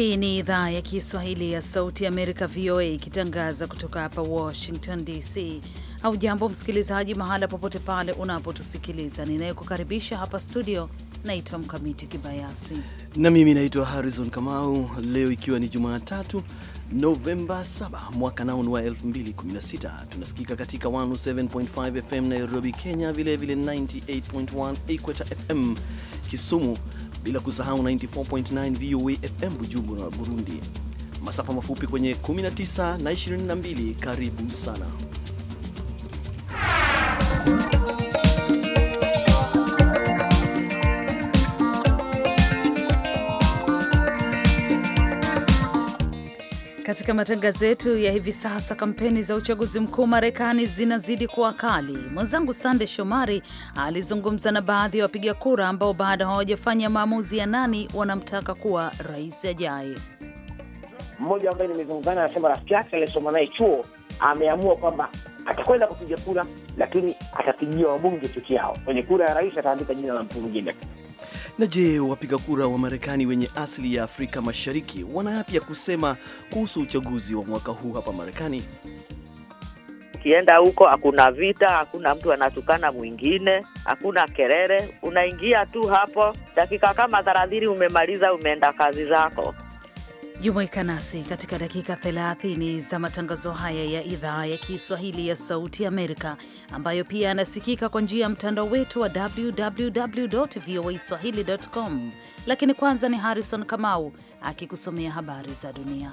Hii ni idhaa ya Kiswahili ya Sauti Amerika, VOA, ikitangaza kutoka hapa Washington DC. Au jambo msikilizaji, mahala popote pale unapotusikiliza. Ninayekukaribisha hapa studio naitwa Mkamiti Kibayasi na mimi naitwa Harrison Kamau. Leo ikiwa ni Jumatatu Novemba 7 mwaka naon wa 2016, tunasikika katika 107.5 FM Nairobi, Kenya, vilevile 98.1 Equator FM Kisumu bila kusahau 94.9 VOA FM Bujumbura, Burundi, masafa mafupi kwenye 19 na 22. Karibu sana. Katika matangazo yetu ya hivi sasa, kampeni za uchaguzi mkuu Marekani zinazidi kuwa kali. Mwenzangu Sande Shomari alizungumza na baadhi ya wapiga kura ambao bado hawajafanya maamuzi ya nani wanamtaka kuwa rais ajaye. Mmoja ambaye nimezungumza naye anasema rafiki yake aliyesoma naye chuo ameamua kwamba atakwenda kupiga kura, lakini atapigia wabunge tuki yao. Kwenye kura ya rais ataandika jina la mtu mwingine. Na je, wapiga kura wa Marekani wenye asili ya Afrika Mashariki wana yapi ya kusema kuhusu uchaguzi wa mwaka huu hapa Marekani? Ukienda huko hakuna vita, hakuna mtu anatukana mwingine, hakuna kelele. Unaingia tu hapo, dakika kama thelathini umemaliza, umeenda kazi zako. Jumuika nasi katika dakika 30 za matangazo haya ya idhaa ya Kiswahili ya Sauti Amerika, ambayo pia yanasikika kwa njia ya mtandao wetu wa www voa swahili.com. Lakini kwanza ni Harrison Kamau akikusomea habari za dunia.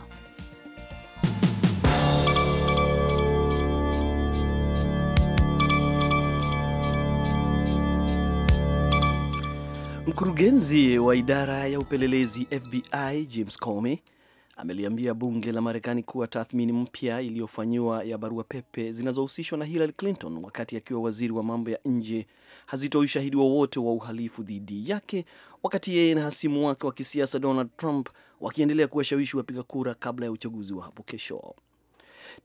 Mkurugenzi wa idara ya upelelezi FBI James Comey ameliambia bunge la Marekani kuwa tathmini mpya iliyofanyiwa ya barua pepe zinazohusishwa na Hillary Clinton wakati akiwa waziri wa mambo ya nje hazitoi ushahidi wowote wa, wa uhalifu dhidi yake, wakati yeye na hasimu wake wa kisiasa Donald Trump wakiendelea kuwashawishi wapiga kura kabla ya uchaguzi wa hapo kesho.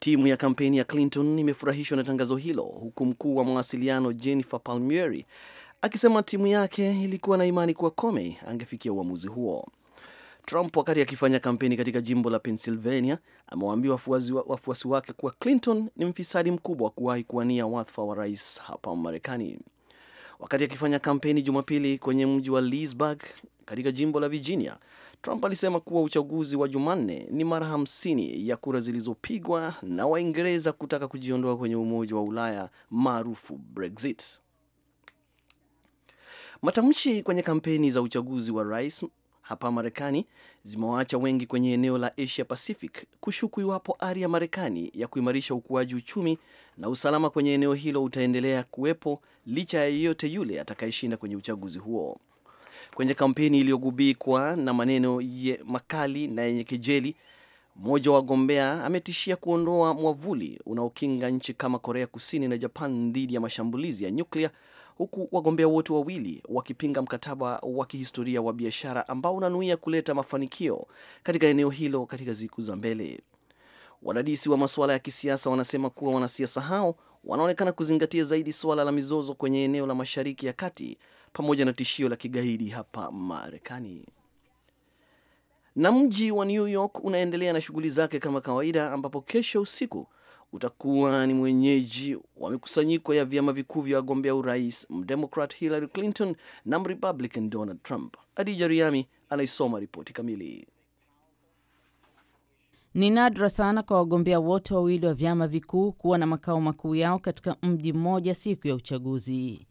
Timu ya kampeni ya Clinton imefurahishwa na tangazo hilo, huku mkuu wa mawasiliano Jennifer Palmieri akisema timu yake ilikuwa na imani kuwa Comey angefikia uamuzi huo. Trump wakati akifanya kampeni katika jimbo la Pennsylvania amewaambia wafuasi, wafuasi wake kuwa Clinton ni mfisadi mkubwa kuwahi kuwania wadhifa wa rais hapa Marekani. Wakati akifanya kampeni Jumapili kwenye mji wa Leesburg katika jimbo la Virginia, Trump alisema kuwa uchaguzi wa Jumanne ni mara hamsini ya kura zilizopigwa na Waingereza kutaka kujiondoa kwenye Umoja wa Ulaya maarufu Brexit. Matamshi kwenye kampeni za uchaguzi wa rais hapa Marekani zimewaacha wengi kwenye eneo la Asia Pacific kushuku iwapo ari ya Marekani ya kuimarisha ukuaji uchumi na usalama kwenye eneo hilo utaendelea kuwepo licha ya yeyote yule atakayeshinda kwenye uchaguzi huo. Kwenye kampeni iliyogubikwa na maneno ye makali na yenye kejeli, mmoja wa wagombea ametishia kuondoa mwavuli unaokinga nchi kama Korea Kusini na Japan dhidi ya mashambulizi ya nyuklia huku wagombea wote wawili wakipinga mkataba wa kihistoria wa biashara ambao unanuia kuleta mafanikio katika eneo hilo katika siku za mbele. Wadadisi wa masuala ya kisiasa wanasema kuwa wanasiasa hao wanaonekana kuzingatia zaidi suala la mizozo kwenye eneo la Mashariki ya Kati pamoja na tishio la kigaidi hapa Marekani. Na mji wa New York unaendelea na shughuli zake kama kawaida, ambapo kesho usiku utakuwa ni mwenyeji wa mikusanyiko ya vyama vikuu vya wagombea urais Mdemokrat Hillary Clinton na Mrepublican Donald Trump. Adija Riami anaisoma ripoti kamili. Ni nadra sana kwa wagombea wote wawili wa vyama vikuu kuwa na makao makuu yao katika mji mmoja siku ya uchaguzi.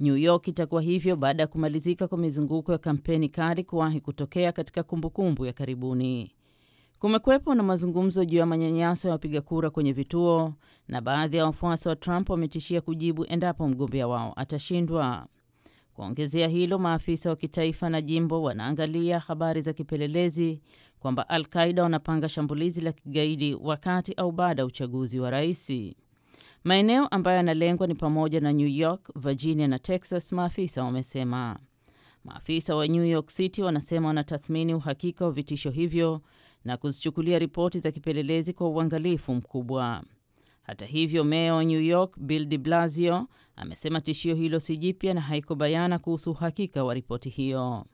New York itakuwa hivyo baada ya kumalizika kwa mizunguko ya kampeni kali kuwahi kutokea katika kumbukumbu ya karibuni. Kumekuwepo na mazungumzo juu ya manyanyaso ya wapiga kura kwenye vituo, na baadhi ya wafuasi wa Trump wametishia kujibu endapo mgombea wao atashindwa. Kuongezea hilo, maafisa wa kitaifa na jimbo wanaangalia habari za kipelelezi kwamba Al Qaida wanapanga shambulizi la kigaidi wakati au baada ya uchaguzi wa rais. Maeneo ambayo yanalengwa ni pamoja na New York, Virginia na Texas, maafisa wamesema. Maafisa wa New York City wanasema wanatathmini uhakika wa vitisho hivyo na kuzichukulia ripoti za kipelelezi kwa uangalifu mkubwa. Hata hivyo, meya wa New York Bill de Blasio amesema tishio hilo si jipya na haiko bayana kuhusu uhakika wa ripoti hiyo.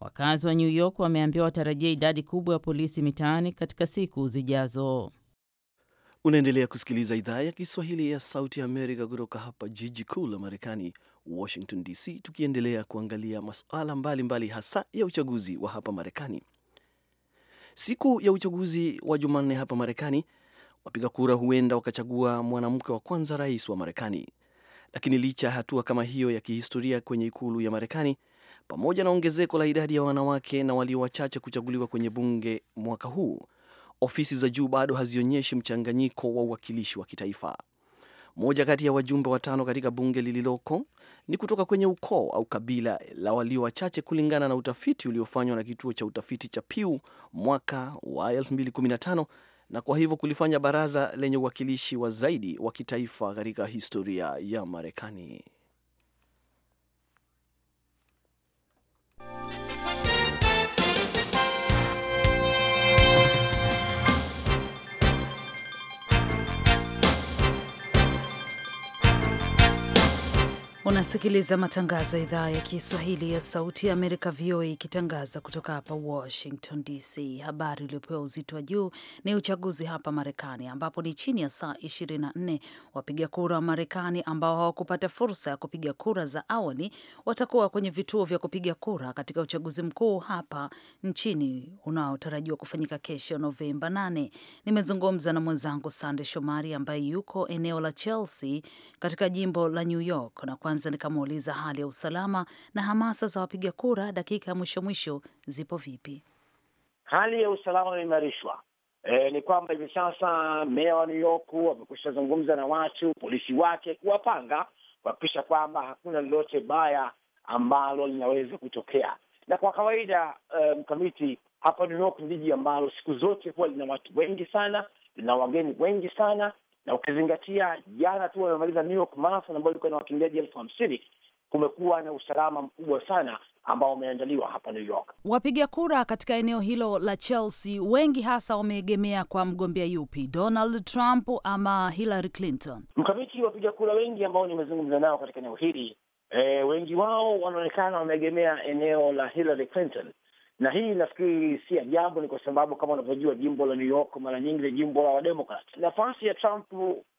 Wakazi wa New York wameambiwa watarajia idadi kubwa ya polisi mitaani katika siku zijazo. Unaendelea kusikiliza idhaa ya Kiswahili ya Sauti ya Amerika kutoka hapa jiji kuu la Marekani, Washington DC, tukiendelea kuangalia masuala mbalimbali hasa ya uchaguzi wa hapa Marekani. Siku ya uchaguzi wa Jumanne hapa Marekani, wapiga kura huenda wakachagua mwanamke wa kwanza rais wa Marekani. Lakini licha ya hatua kama hiyo ya kihistoria kwenye ikulu ya Marekani, pamoja na ongezeko la idadi ya wanawake na walio wachache kuchaguliwa kwenye bunge mwaka huu, ofisi za juu bado hazionyeshi mchanganyiko wa uwakilishi wa kitaifa. Moja kati ya wajumbe watano katika bunge lililoko ni kutoka kwenye ukoo au kabila la walio wachache, kulingana na utafiti uliofanywa na kituo cha utafiti cha Pew mwaka wa 2015 na kwa hivyo kulifanya baraza lenye uwakilishi wa zaidi wa kitaifa katika historia ya Marekani. Unasikiliza matangazo ya idhaa ya Kiswahili ya Sauti ya Amerika, VOA, ikitangaza kutoka hapa Washington DC. Habari iliyopewa uzito wa juu ni uchaguzi hapa Marekani, ambapo ni chini ya saa 24 wapiga kura wa Marekani ambao hawakupata fursa ya kupiga kura za awali watakuwa kwenye vituo vya kupiga kura katika uchaguzi mkuu hapa nchini unaotarajiwa kufanyika kesho Novemba 8. Nimezungumza na mwenzangu Sande Shomari ambaye yuko eneo la Chelsea katika jimbo la New York na kwanza nikamuuliza hali ya usalama na hamasa za wapiga kura dakika ya mwisho mwisho zipo vipi. Hali ya usalama imeimarishwa. E, ni kwamba hivi sasa meya wa New York zungumza na watu, polisi wake kuwapanga kuhakikisha kwamba hakuna lolote baya ambalo linaweza kutokea. Na kwa kawaida e, mkamiti, um, hapa New York ni jiji ambalo siku zote huwa lina watu wengi sana, lina wageni wengi sana, na ukizingatia jana tu wamemaliza New York Marathon ambayo ilikuwa na wakimbiaji elfu hamsini kumekuwa na usalama mkubwa sana ambao wameandaliwa hapa New York. Wapiga kura katika eneo hilo la Chelsea wengi hasa wameegemea kwa mgombea yupi, Donald Trump ama Hillary Clinton? Mkamiti, wapiga kura wengi ambao nimezungumza nao katika eneo hili e, wengi wao wanaonekana wameegemea eneo la Hillary Clinton, na hii nafikiri si ajabu, ni kwa sababu kama unavyojua jimbo la New York mara nyingi ni jimbo la Wademokrat. Nafasi ya Trump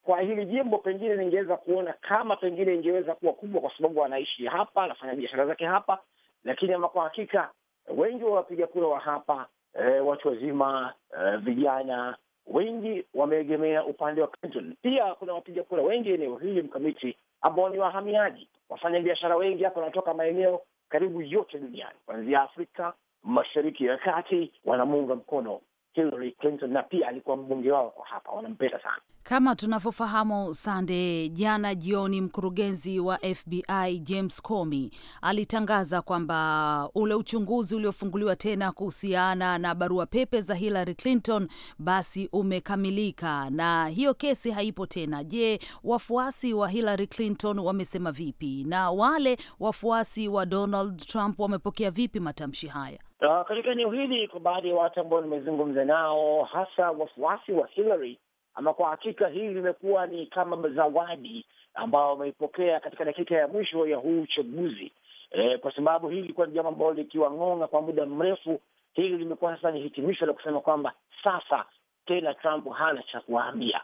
kwa hili jimbo pengine ningeweza kuona kama pengine ingeweza kuwa kubwa, kwa sababu anaishi hapa, anafanya biashara zake hapa, lakini ama kwa hakika wengi wa wapiga kura wa hapa e, watu wazima e, vijana wengi wameegemea upande wa Clinton. Pia kuna wapiga kura wengi eneo hili mkamiti, ambao ni wahamiaji. Wafanyabiashara wengi hapa wanatoka maeneo karibu yote duniani, kuanzia Afrika mashariki ya kati wanamuunga mkono Hillary Clinton, na pia alikuwa mbunge wao hapa, wanampenda sana. Kama tunavyofahamu Sande, jana jioni, mkurugenzi wa FBI James Comey alitangaza kwamba ule uchunguzi uliofunguliwa tena kuhusiana na barua pepe za Hillary Clinton basi umekamilika na hiyo kesi haipo tena. Je, wafuasi wa Hillary Clinton wamesema vipi, na wale wafuasi wa Donald Trump wamepokea vipi matamshi haya? Uh, katika eneo hili kwa baadhi ya watu ambao nimezungumza nao, hasa wafuasi wa Hillary ama kwa hakika hii limekuwa ni kama zawadi ambao wameipokea katika dakika ya mwisho ya huu uchaguzi e, kwa sababu hii ilikuwa ni jambo ambalo likiwang'ong'a kwa muda mrefu. Hili limekuwa sasa ni hitimisho la kusema kwamba sasa tena Trump hana cha kuwaambia.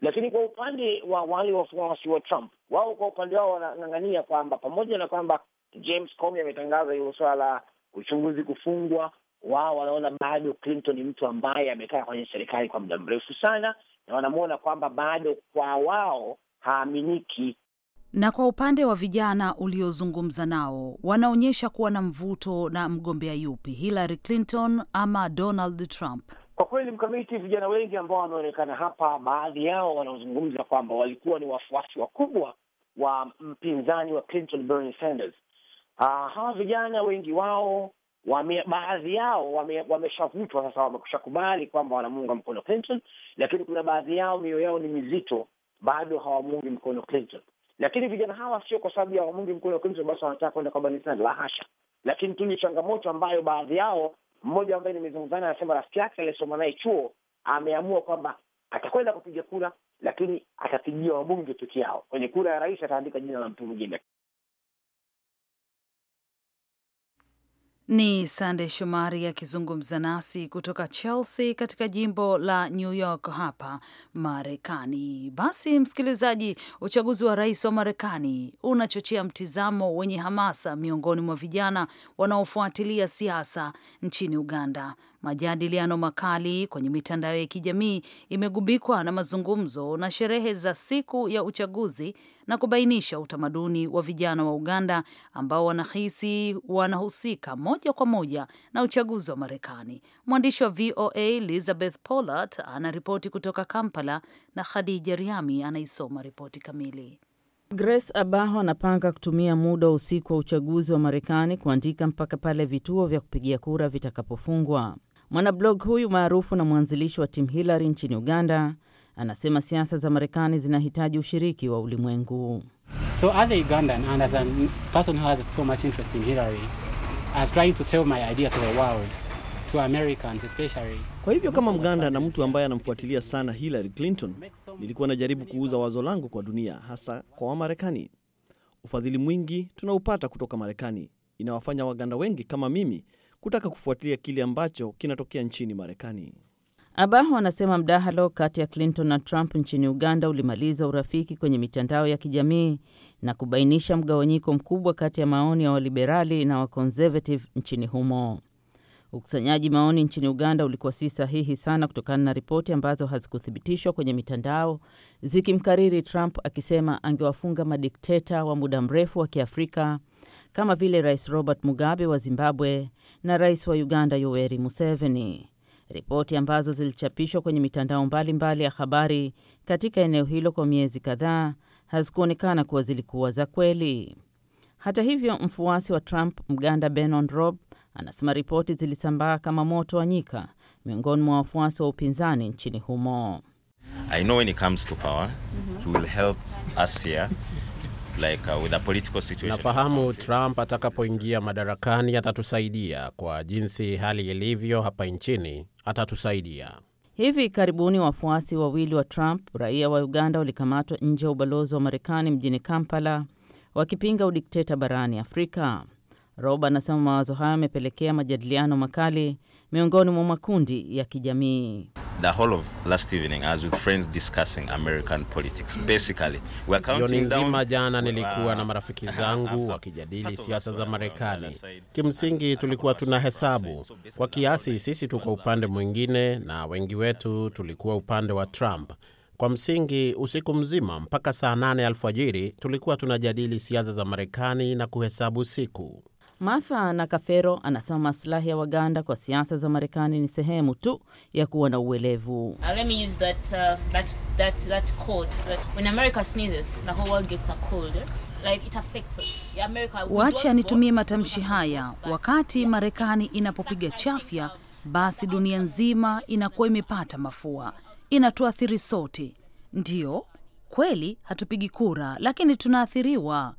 Lakini kwa upande wa wale wafuasi wa Trump, wao kwa upande wao wanang'ang'ania kwamba pamoja na kwamba James Comey ametangaza hilo swala la uchunguzi kufungwa, wao wanaona bado Clinton ni mtu ambaye amekaa kwenye serikali kwa muda mrefu sana na wanamwona kwamba bado kwa wao haaminiki. Na kwa upande wa vijana uliozungumza nao, wanaonyesha kuwa na mvuto na mgombea yupi, Hillary Clinton ama Donald Trump? Kwa kweli mkamiti, vijana wengi ambao wameonekana hapa, baadhi yao wanaozungumza kwamba walikuwa ni wafuasi wakubwa wa mpinzani wa Clinton, Bernie Sanders. Uh, hawa vijana wengi wao wame, baadhi yao wameshavutwa wame sasa, wameshakubali kwamba wanamuunga mkono Clinton, lakini kuna baadhi yao mioyo yao ni mizito, bado hawamuungi mkono Clinton. Lakini vijana hawa sio kwa sababu ya hawamuungi mkono Clinton basi wanataka kwenda kwa Bernie Sanders, la hasha, lakini tu ni changamoto ambayo baadhi yao, mmoja ambaye nimezungumzana anasema rafiki yake aliyesoma naye chuo ameamua kwamba atakwenda kupiga kura, lakini atapigia wabunge peke yao. Kwenye kura ya rais ataandika jina la mtu mwingine. Ni Sande Shomari akizungumza nasi kutoka Chelsea katika jimbo la New York hapa Marekani. Basi msikilizaji, uchaguzi wa rais wa Marekani unachochea mtizamo wenye hamasa miongoni mwa vijana wanaofuatilia siasa nchini Uganda. Majadiliano makali kwenye mitandao ya kijamii imegubikwa na mazungumzo na sherehe za siku ya uchaguzi na kubainisha utamaduni wa vijana wa Uganda ambao wanahisi wanahusika moja kwa moja na uchaguzi wa Marekani. Mwandishi wa VOA Elizabeth Pollard anaripoti kutoka Kampala na Khadija Riami anaisoma ripoti kamili. Grace Abaho anapanga kutumia muda wa usiku wa uchaguzi wa Marekani kuandika mpaka pale vituo vya kupigia kura vitakapofungwa. Mwanablog huyu maarufu na mwanzilishi wa Tim Hillary nchini Uganda anasema siasa za Marekani zinahitaji ushiriki wa ulimwengu. So as a Ugandan and as a person who has so much interest in Hillary, I was trying to sell my idea to the world. To Americans especially. Kwa hivyo kama Mganda na mtu ambaye anamfuatilia sana Hillary Clinton, nilikuwa najaribu kuuza wazo langu kwa dunia, hasa kwa Wamarekani. Ufadhili mwingi tunaupata kutoka Marekani inawafanya Waganda wengi kama mimi kutaka kufuatilia kile ambacho kinatokea nchini Marekani. Abaho anasema mdahalo kati ya Clinton na Trump nchini Uganda ulimaliza urafiki kwenye mitandao ya kijamii na kubainisha mgawanyiko mkubwa kati ya maoni ya waliberali na wakonservative nchini humo. Ukusanyaji maoni nchini Uganda ulikuwa si sahihi sana kutokana na ripoti ambazo hazikuthibitishwa kwenye mitandao zikimkariri Trump akisema angewafunga madikteta wa muda mrefu wa Kiafrika kama vile Rais Robert Mugabe wa Zimbabwe na Rais wa Uganda Yoweri Museveni. Ripoti ambazo zilichapishwa kwenye mitandao mbalimbali mbali ya habari katika eneo hilo kwa miezi kadhaa hazikuonekana kuwa zilikuwa za kweli. Hata hivyo, mfuasi wa Trump Mganda Benon Rob anasema ripoti zilisambaa kama moto wa nyika miongoni mwa wafuasi wa upinzani nchini humo. I know when he comes to power, mhm. he will help us here like, uh, with political situation. Nafahamu Trump atakapoingia madarakani atatusaidia kwa jinsi hali ilivyo hapa nchini, atatusaidia. Hivi karibuni wafuasi wawili wa Trump raia wa Uganda walikamatwa nje ya ubalozi wa Marekani mjini Kampala wakipinga udikteta barani Afrika. Rob anasema mawazo hayo yamepelekea majadiliano makali miongoni mwa makundi ya kijamii the whole of last evening as with friends discussing American politics. Basically, are counting nzima jana nilikuwa na marafiki zangu wakijadili siasa za Marekani. Kimsingi tulikuwa tunahesabu kwa kiasi, sisi tuko upande mwingine na wengi wetu tulikuwa upande wa Trump. Kwa msingi usiku mzima mpaka saa nane alfajiri tulikuwa tunajadili siasa za Marekani na kuhesabu siku. Martha Nakafero anasema maslahi ya Waganda kwa siasa za Marekani ni sehemu tu ya kuwa na uelevu. Uh, uh, Wacha nitumie matamshi haya, wakati Marekani inapopiga chafya, basi dunia nzima inakuwa imepata mafua, inatuathiri sote. Ndiyo kweli, hatupigi kura, lakini tunaathiriwa.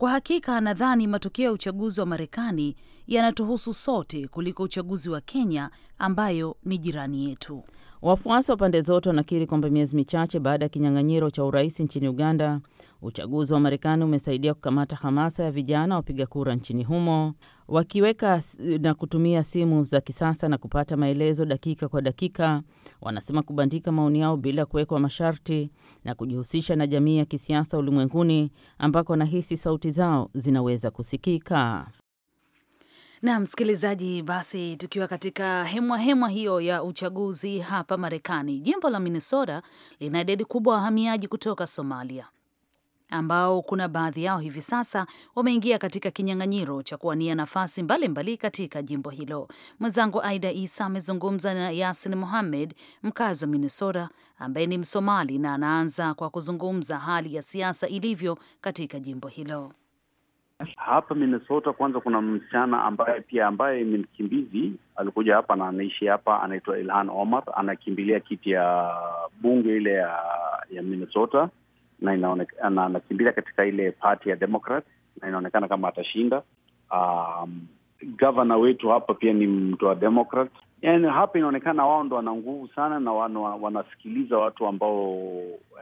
Kwa hakika nadhani matokeo ya uchaguzi wa Marekani yanatuhusu sote kuliko uchaguzi wa Kenya ambayo ni jirani yetu. Wafuasi wa pande zote wanakiri kwamba miezi michache baada ya kinyang'anyiro cha urais nchini Uganda, Uchaguzi wa Marekani umesaidia kukamata hamasa ya vijana wapiga kura nchini humo, wakiweka na kutumia simu za kisasa na kupata maelezo dakika kwa dakika. Wanasema kubandika maoni yao bila kuwekwa masharti na kujihusisha na jamii ya kisiasa ulimwenguni ambako wanahisi sauti zao zinaweza kusikika. Na msikilizaji, basi tukiwa katika hemwa hemwa hiyo ya uchaguzi hapa Marekani, jimbo la Minnesota lina idadi kubwa wahamiaji kutoka Somalia ambao kuna baadhi yao hivi sasa wameingia katika kinyang'anyiro cha kuwania nafasi mbalimbali mbali katika jimbo hilo. Mwenzangu Aida Isa amezungumza na Yasin muhamed mkazi wa Minnesota, ambaye ni Msomali, na anaanza kwa kuzungumza hali ya siasa ilivyo katika jimbo hilo. Hapa Minnesota kwanza, kuna msichana ambaye pia ambaye ni mkimbizi alikuja hapa na anaishi hapa, anaitwa Ilhan Omar, anakimbilia kiti ya bunge ile ya ya Minnesota na anakimbia katika ile party ya Democrat na inaonekana kama atashinda. Um, gavana wetu hapa pia ni mtu wa Democrat. Yani hapa inaonekana wao ndo wana nguvu sana na wana, wanasikiliza watu ambao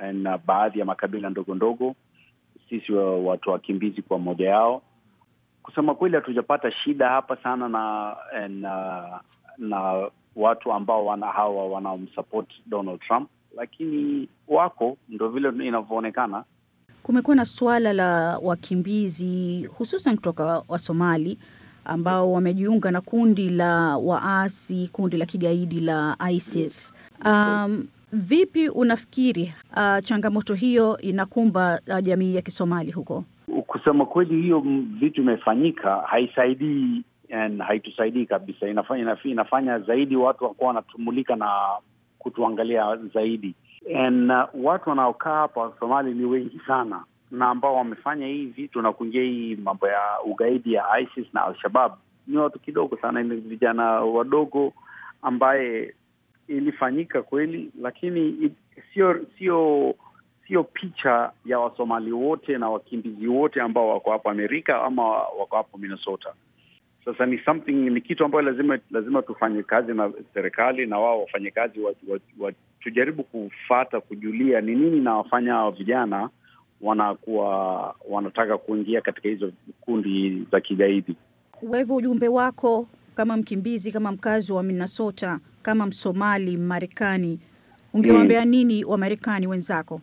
eh, na baadhi ya makabila ndogo ndogo, sisi watu wakimbizi kwa moja yao. Kusema kweli, hatujapata shida hapa sana na eh, na, na watu ambao wana hawa wanaomsupport Donald Trump lakini wako, ndo vile inavyoonekana. Kumekuwa na suala la wakimbizi hususan kutoka Wasomali ambao wamejiunga na kundi la waasi, kundi la kigaidi la ISIS. Um, vipi unafikiri uh, changamoto hiyo inakumba uh, jamii ya Kisomali huko? Kusema kweli, hiyo vitu imefanyika, haisaidii haitusaidii kabisa. Inafanya, inafanya zaidi watu wakuwa wanatumulika na kutuangalia zaidi. uh, watu wanaokaa hapa Somali ni wengi sana, na ambao wamefanya hii vitu na kuingia hii mambo ya ugaidi ya ISIS na alshabab ni watu kidogo sana, ni vijana wadogo ambaye ilifanyika kweli, lakini sio sio sio picha ya Wasomali wote na wakimbizi wote ambao wako hapa Amerika ama wako hapo Minnesota. Sasa ni something, ni kitu ambayo lazima lazima tufanye kazi na serikali na wao wafanye kazi wa, wa, wa, tujaribu kufata kujulia ni nini nawafanya hawa vijana wanakuwa wanataka kuingia katika hizo kundi za kigaidi. Kwa hivyo ujumbe wako kama mkimbizi, kama mkazi wa Minnesota, kama Msomali Mmarekani, ungewaambia hmm. nini Wamarekani wenzako?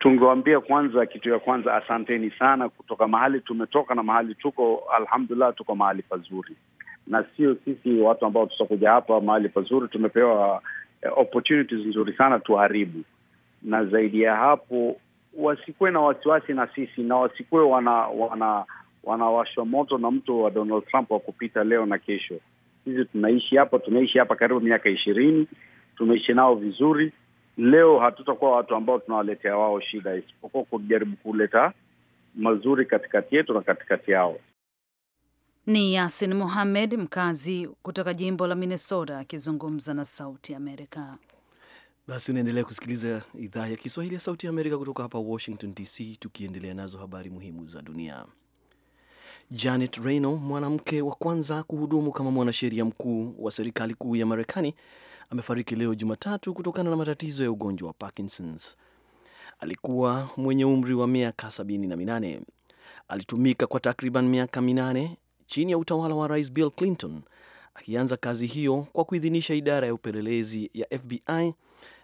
tungewambia kwanza, kitu ya kwanza, asanteni sana kutoka mahali tumetoka na mahali tuko. Alhamdulillah, tuko mahali pazuri, na sio sisi watu ambao tutakuja hapa mahali pazuri, tumepewa eh, opportunities nzuri sana, tuharibu. Na zaidi ya hapo, wasikuwe na wasiwasi na sisi, na wasikuwe wana wana wanawashwa moto na mtu wa Donald Trump wa kupita leo na kesho. Sisi tunaishi hapa, tumeishi hapa karibu miaka ishirini, tumeishi nao vizuri leo hatutakuwa watu ambao tunawaletea wao shida, isipokuwa kujaribu kuleta mazuri katikati yetu na katikati yao. Ni Yasin Muhamed, mkazi kutoka jimbo la Minnesota, akizungumza na Sauti Amerika. Basi unaendelea kusikiliza idhaa ya Kiswahili ya Sauti ya Amerika kutoka hapa Washington DC, tukiendelea nazo habari muhimu za dunia. Janet Reno, mwanamke wa kwanza kuhudumu kama mwanasheria mkuu wa serikali kuu ya Marekani, amefariki leo Jumatatu kutokana na matatizo ya ugonjwa wa Parkinson's. Alikuwa mwenye umri wa miaka sabini na minane. Alitumika kwa takriban miaka minane chini ya utawala wa Rais Bill Clinton, akianza kazi hiyo kwa kuidhinisha idara ya upelelezi ya FBI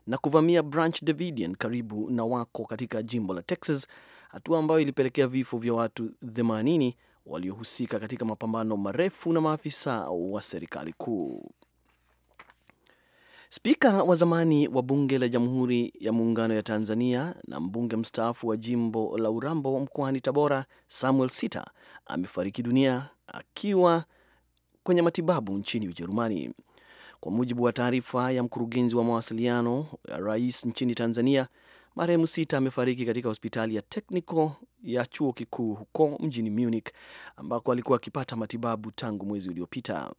na kuvamia Branch Davidian karibu na wako katika jimbo la Texas, hatua ambayo ilipelekea vifo vya watu 80 waliohusika katika mapambano marefu na maafisa wa serikali kuu. Spika wa zamani wa bunge la Jamhuri ya Muungano ya Tanzania na mbunge mstaafu wa jimbo la Urambo mkoani Tabora, Samuel Sita amefariki dunia akiwa kwenye matibabu nchini Ujerumani, kwa mujibu wa taarifa ya mkurugenzi wa mawasiliano ya rais nchini Tanzania. Marehemu Sita amefariki katika hospitali ya tekniko ya chuo kikuu huko mjini Munich ambako alikuwa akipata matibabu tangu mwezi uliopita.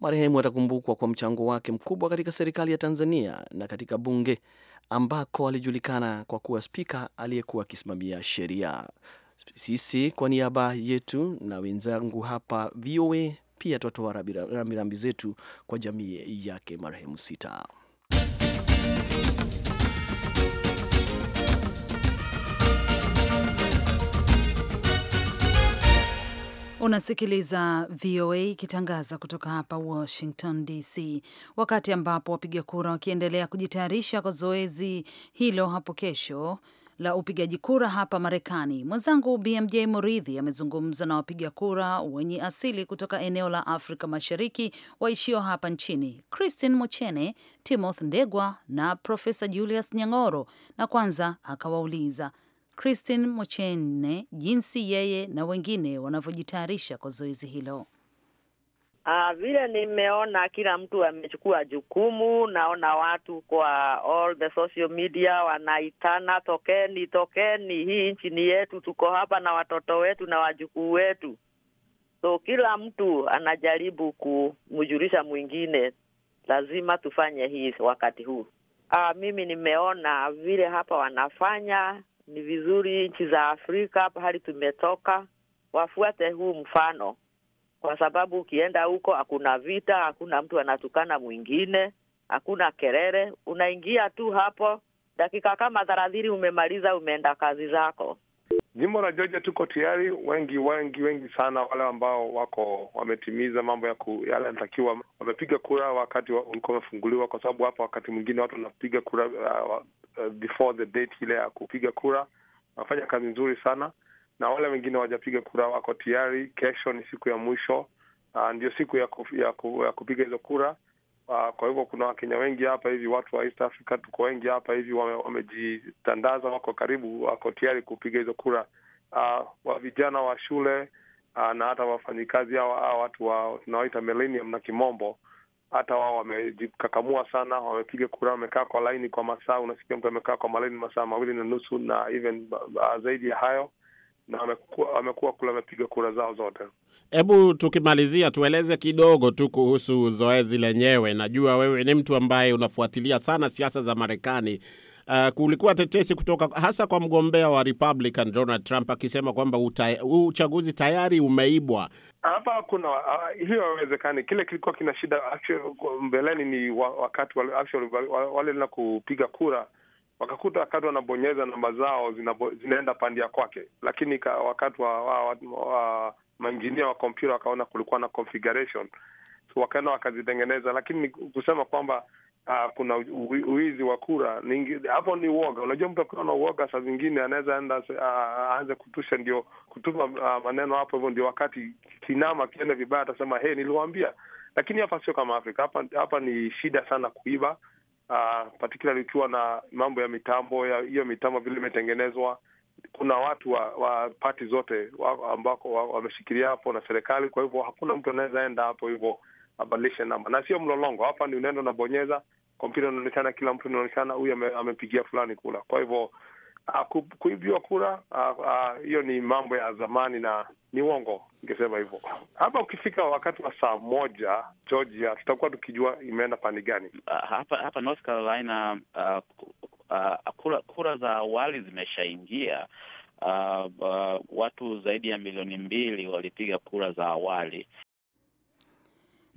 Marehemu atakumbukwa kwa mchango wake mkubwa katika serikali ya Tanzania na katika bunge ambako alijulikana kwa kuwa spika aliyekuwa akisimamia sheria. Sisi kwa niaba yetu na wenzangu hapa VOA pia twatoa rambirambi zetu kwa jamii yake marehemu Sita. Unasikiliza VOA ikitangaza kutoka hapa Washington DC, wakati ambapo wapiga kura wakiendelea kujitayarisha kwa zoezi hilo hapo kesho la upigaji kura hapa Marekani. Mwenzangu BMJ Muridhi amezungumza na wapiga kura wenye asili kutoka eneo la Afrika Mashariki waishio hapa nchini, Christine Mochene, Timothy Ndegwa na Profesa Julius Nyang'oro, na kwanza akawauliza Christine Mochene jinsi yeye na wengine wanavyojitayarisha kwa zoezi hilo. Uh, vile nimeona kila mtu amechukua jukumu. Naona watu kwa all the social media wanaitana, tokeni, tokeni, hii nchi ni yetu, tuko hapa na watoto wetu na wajukuu wetu. So kila mtu anajaribu kumjulisha mwingine, lazima tufanye hii wakati huu. Uh, mimi nimeona vile hapa wanafanya ni vizuri nchi za Afrika pahali tumetoka wafuate huu mfano, kwa sababu ukienda huko hakuna vita, hakuna mtu anatukana mwingine, hakuna kelele. Unaingia tu hapo dakika kama thelathini, umemaliza, umeenda kazi zako. Jimbo la Georgia tuko tayari, wengi wengi wengi sana, wale ambao wako wametimiza mambo ya ku, yale yanatakiwa, wamepiga kura wakati ulikuwa umefunguliwa, kwa sababu hapa wakati mwingine watu wanapiga kura uh, uh, before the date ile ya kupiga kura. Wanafanya kazi nzuri sana, na wale wengine wajapiga kura wako tayari. Kesho ni siku ya mwisho uh, ndio siku ya, kuf, ya, ku, ya kupiga hizo kura uh, kwa hivyo kuna Wakenya wengi hapa hivi, watu wa East Africa tuko wengi hapa hivi, wamejitandaza, wame wako karibu, wako tayari kupiga hizo kura uh, wa vijana wa shule uh, na hata wafanyikazi hawa watu wa tunawaita millennium na kimombo hata wao wamejikakamua sana, wamepiga kura, wamekaa kwa laini kwa masaa. Unasikia mtu amekaa kwa malaini masaa mawili na nusu na even zaidi ya hayo, na wamekuwa kule, wamepiga kura zao zote. Hebu tukimalizia, tueleze kidogo tu kuhusu zoezi lenyewe. Najua wewe ni mtu ambaye unafuatilia sana siasa za Marekani uh, kulikuwa tetesi kutoka hasa kwa mgombea wa Republican Donald Trump akisema kwamba uchaguzi tayari umeibwa. Hapa kuna uh, hiyo haiwezekani. Kile kilikuwa kina shida mbeleni ni wakati wale walienda kupiga kura wakakuta wakati wanabonyeza namba zao zinabo, zinaenda pandia kwake, lakini ka, wakati wa, wa, wa, wa mainjinia wa kompyuta wakaona kulikuwa na configuration so wakaenda wakazitengeneza, lakini kusema kwamba uh, kuna uwizi wa kura hapo. Ni uoga. Unajua, mtu akiwa na uoga saa zingine anaweza enda aanze kutusha ndio kutuma uh, maneno hapo hivyo, ndio wakati kinama kiende vibaya, atasema hey, niliwambia Lakini hapa sio kama Afrika. Hapa hapa ni shida sana kuiba uh, particularly ukiwa na mambo ya mitambo hiyo, mitambo vile imetengenezwa kuna watu wa, wa pati zote wa, ambako wameshikilia wa hapo na serikali. Kwa hivyo hakuna mtu anaweza enda hapo hivyo abadilishe namba, na sio mlolongo. Hapa ni unaenda unabonyeza, kompyuta inaonekana, kila mtu inaonekana, huyu amepigia fulani kula. Kwa hivyo kuibiwa kura hiyo ni mambo ya zamani na ni uongo, ingesema hivyo. Hapa ukifika wakati wa saa moja Georgia, tutakuwa tukijua imeenda pande gani. hapa hapa North Carolina uh, uh, kura, kura za awali zimeshaingia. Uh, uh, watu zaidi ya milioni mbili walipiga kura za awali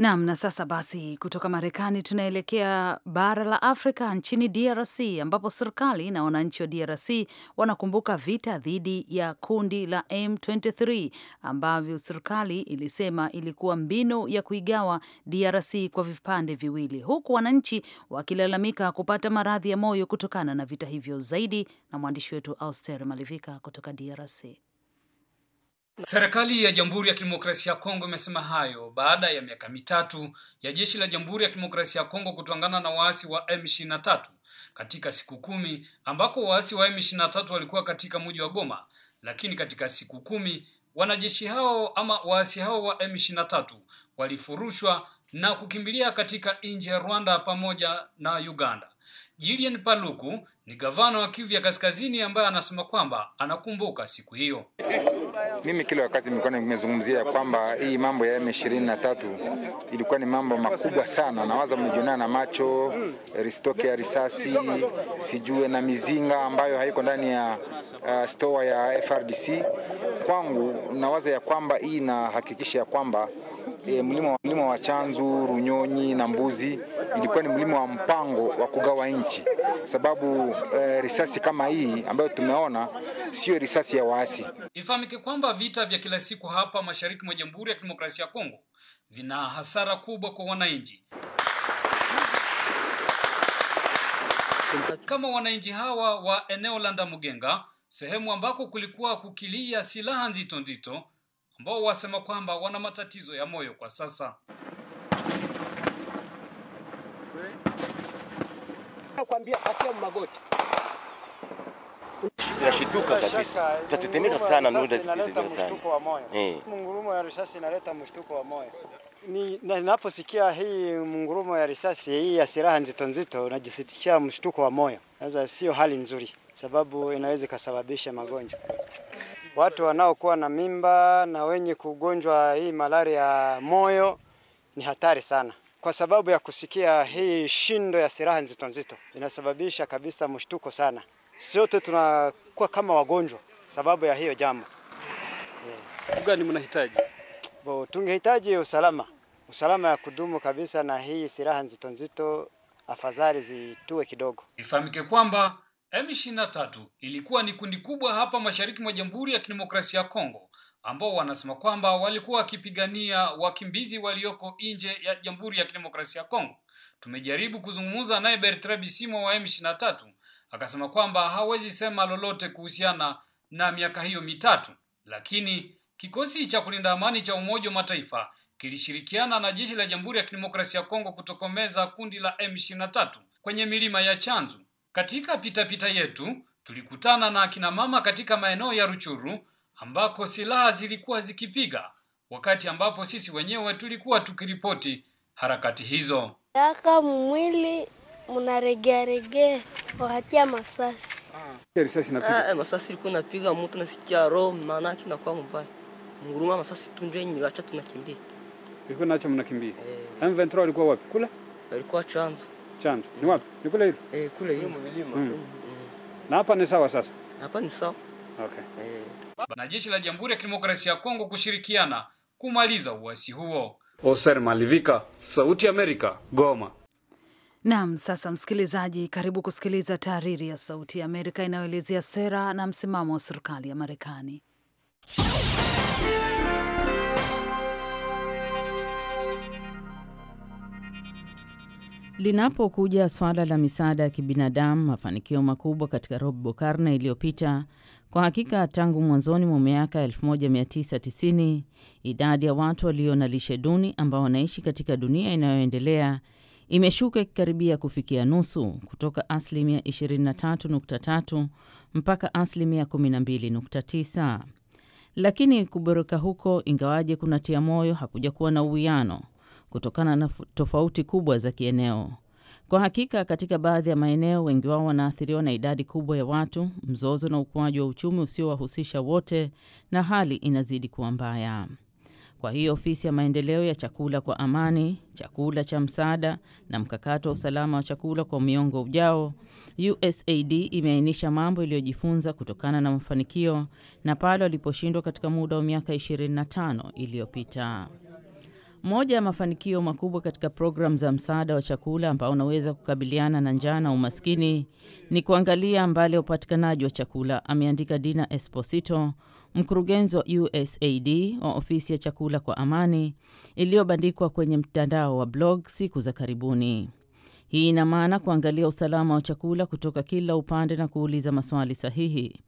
Nam. Na sasa basi, kutoka Marekani tunaelekea bara la Afrika, nchini DRC ambapo serikali na wananchi wa DRC wanakumbuka vita dhidi ya kundi la M23 ambavyo serikali ilisema ilikuwa mbinu ya kuigawa DRC kwa vipande viwili, huku wananchi wakilalamika kupata maradhi ya moyo kutokana na vita hivyo. Zaidi na mwandishi wetu Auster Malivika kutoka DRC. Serikali ya Jamhuri ya Kidemokrasia ya Kongo imesema hayo baada ya miaka mitatu ya jeshi la Jamhuri ya Kidemokrasia ya Kongo kutwangana na waasi wa M23 katika siku kumi ambako waasi wa M23 walikuwa katika mji wa Goma, lakini katika siku kumi wanajeshi hao ama waasi hao wa M23 walifurushwa na kukimbilia katika nchi ya Rwanda pamoja na Uganda. Julian Paluku ni gavana wa Kivu ya Kaskazini ambaye anasema kwamba anakumbuka siku hiyo mimi kila wakati nilikuwa nimezungumzia kwamba hii mambo ya M23 ilikuwa ni mambo makubwa sana, nawaza mmejionea na macho, ristoke ya risasi, sijue na mizinga ambayo haiko ndani ya uh, stoa ya FRDC. Kwangu nawaza ya kwamba hii inahakikisha ya kwamba e, mlima, mlima wa Chanzu, Runyonyi na Mbuzi ilikuwa ni mlima wa mpango wa kugawa nchi, sababu e, risasi kama hii ambayo tumeona siyo risasi ya waasi. Ifahamike kwamba vita vya kila siku hapa mashariki mwa Jamhuri ya Kidemokrasia ya Kongo vina hasara kubwa kwa wananchi. Kama wananchi hawa wa eneo la Ndamugenga, sehemu ambako kulikuwa kukilia silaha nzito nzito ambao wasema kwamba wana matatizo ya moyo kwa sasa. Nakwambia patia magoti. Nashituka kabisa. Eh, Tatetemeka sana ndio nitatetemeka sana. Mungurumo eh. ya risasi inaleta mshtuko wa moyo. Ni ninaposikia hii mungurumo ya risasi hii ya silaha nzito nzito najisikia mshtuko wa moyo. Sasa sio hali nzuri sababu inaweza ikasababisha magonjwa watu wanaokuwa na mimba na wenye kugonjwa hii malaria ya moyo ni hatari sana, kwa sababu ya kusikia hii shindo ya silaha nzito nzito inasababisha kabisa mshtuko sana. Sote tunakuwa kama wagonjwa sababu ya hiyo jambo. gani mnahitaji? Bo, tungehitaji usalama, usalama ya kudumu kabisa, na hii silaha nzito nzito afadhali zitue kidogo. Ifahamike kwamba M23 ilikuwa ni kundi kubwa hapa mashariki mwa Jamhuri ya Kidemokrasia ya Kongo ambao wanasema kwamba walikuwa wakipigania wakimbizi walioko nje ya Jamhuri ya Kidemokrasia ya Kongo. Tumejaribu kuzungumza naye Bertrand Bisimwa wa M23 akasema kwamba hawezi sema lolote kuhusiana na miaka hiyo mitatu, lakini kikosi cha kulinda amani cha Umoja wa Mataifa kilishirikiana na jeshi la Jamhuri ya Kidemokrasia ya Kongo kutokomeza kundi la M23 kwenye milima ya Chanzu katika pitapita pita yetu tulikutana na akina mama katika maeneo ya Ruchuru ambako silaha zilikuwa zikipiga wakati ambapo sisi wenyewe tulikuwa tukiripoti harakati hizo. Daka mwili mnaregearegea wakati ya masasi. Ah. Ah, eh, masasi ilikuwa inapiga mtu nasikia roho, maana yake inakuwa mbaya. Mnguruma masasi tunje nyiracha tunakimbia. Ilikuwa nacho mnakimbia. Eh. M23 walikuwa wapi? Kula? alikuwa chanzo chanzo ni wapi? Ni kule hilo eh, kule hilo milima mm. na hapa ni sawa sasa, hapa ni sawa okay. Eh. na jeshi la Jamhuri ya Kidemokrasia ya Kongo kushirikiana kumaliza uasi huo. Oser Malivika, Sauti Amerika, Goma. Naam, sasa msikilizaji, karibu kusikiliza tahariri ya Sauti ya Amerika inayoelezea sera na msimamo wa serikali ya Marekani. Linapokuja swala la misaada ya kibinadamu, mafanikio makubwa katika robo karne iliyopita kwa hakika. Tangu mwanzoni mwa miaka 1990 idadi ya watu walio na lishe duni ambao wanaishi katika dunia inayoendelea imeshuka ikikaribia kufikia nusu, kutoka asilimia 23.3 mpaka asilimia 12.9. Lakini kuboreka huko, ingawaje kunatia moyo, hakuja kuwa na uwiano kutokana na tofauti kubwa za kieneo. Kwa hakika, katika baadhi ya maeneo, wengi wao wanaathiriwa na idadi kubwa ya watu, mzozo na ukuaji wa uchumi usiowahusisha wote, na hali inazidi kuwa mbaya. Kwa hiyo ofisi ya maendeleo ya chakula kwa amani, chakula cha msaada na mkakati wa usalama wa chakula kwa miongo ujao, USAID imeainisha mambo iliyojifunza kutokana na mafanikio na pale waliposhindwa katika muda wa miaka 25 iliyopita. Moja ya mafanikio makubwa katika programu za msaada wa chakula ambao unaweza kukabiliana na njaa na umaskini ni kuangalia mbali ya upatikanaji wa chakula, ameandika Dina Esposito, mkurugenzi wa USAID wa ofisi ya chakula kwa amani iliyobandikwa kwenye mtandao wa blog siku za karibuni. Hii ina maana kuangalia usalama wa chakula kutoka kila upande na kuuliza maswali sahihi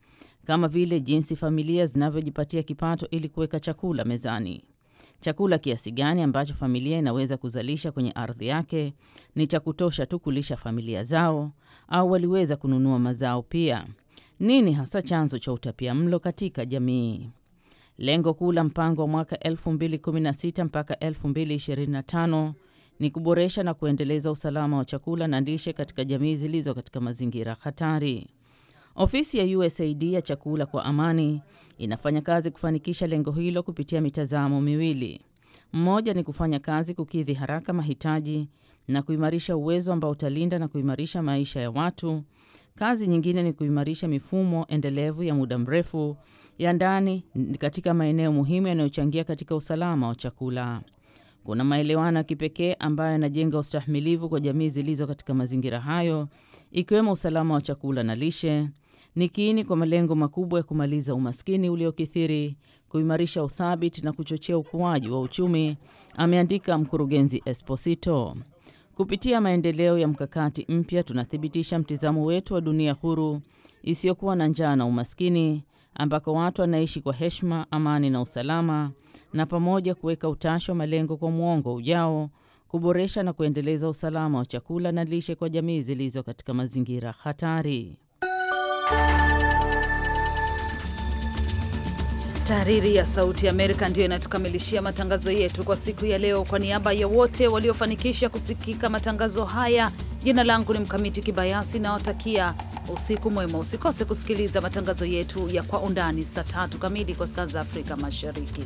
kama vile jinsi familia zinavyojipatia kipato ili kuweka chakula mezani. Chakula kiasi gani ambacho familia inaweza kuzalisha kwenye ardhi yake ni cha kutosha tu kulisha familia zao au waliweza kununua mazao pia? Nini hasa chanzo cha utapia mlo katika jamii? Lengo kuu la mpango wa mwaka 2016 mpaka 2025 ni kuboresha na kuendeleza usalama wa chakula na lishe katika jamii zilizo katika mazingira hatari. Ofisi ya USAID ya chakula kwa amani inafanya kazi kufanikisha lengo hilo kupitia mitazamo miwili. Mmoja ni kufanya kazi kukidhi haraka mahitaji na kuimarisha uwezo ambao utalinda na kuimarisha maisha ya watu. Kazi nyingine ni kuimarisha mifumo endelevu ya muda mrefu ya ndani katika maeneo muhimu yanayochangia katika usalama wa chakula. Kuna maelewano ya kipekee ambayo yanajenga ustahimilivu kwa jamii zilizo katika mazingira hayo, ikiwemo usalama wa chakula na lishe, ni kiini kwa malengo makubwa ya kumaliza umaskini uliokithiri, kuimarisha uthabiti na kuchochea ukuaji wa uchumi, ameandika mkurugenzi Esposito. Kupitia maendeleo ya mkakati mpya, tunathibitisha mtizamo wetu wa dunia huru isiyokuwa na njaa na umaskini, ambako watu wanaishi kwa heshima, amani na usalama, na pamoja kuweka utashi wa malengo kwa mwongo ujao, kuboresha na kuendeleza usalama wa chakula na lishe kwa jamii zilizo katika mazingira hatari. Tahariri ya Sauti ya Amerika ndiyo inatukamilishia matangazo yetu kwa siku ya leo. Kwa niaba ya wote waliofanikisha kusikika matangazo haya, jina langu ni Mkamiti Kibayasi, nawatakia usiku mwema. Usikose kusikiliza matangazo yetu ya Kwa Undani saa tatu kamili kwa saa za Afrika Mashariki.